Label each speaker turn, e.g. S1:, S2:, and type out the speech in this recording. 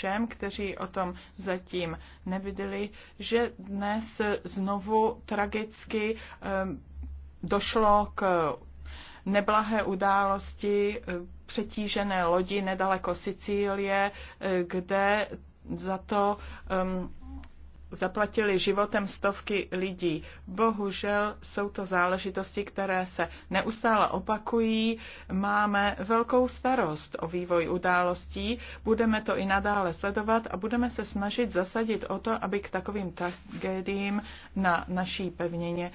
S1: všem, kteří o tom zatím neviděli, že dnes znovu tragicky ehm, došlo k neblahé události ehm, přetížené lodi nedaleko Sicílie, ehm, kde za to um, zaplatili životem stovky lidí. Bohužel jsou to záležitosti, které se neustále opakují. Máme velkou starost o vývoj událostí, budeme to i nadále sledovat a budeme se snažit zasadit o to, aby k takovým tragédiím na
S2: naší pevnině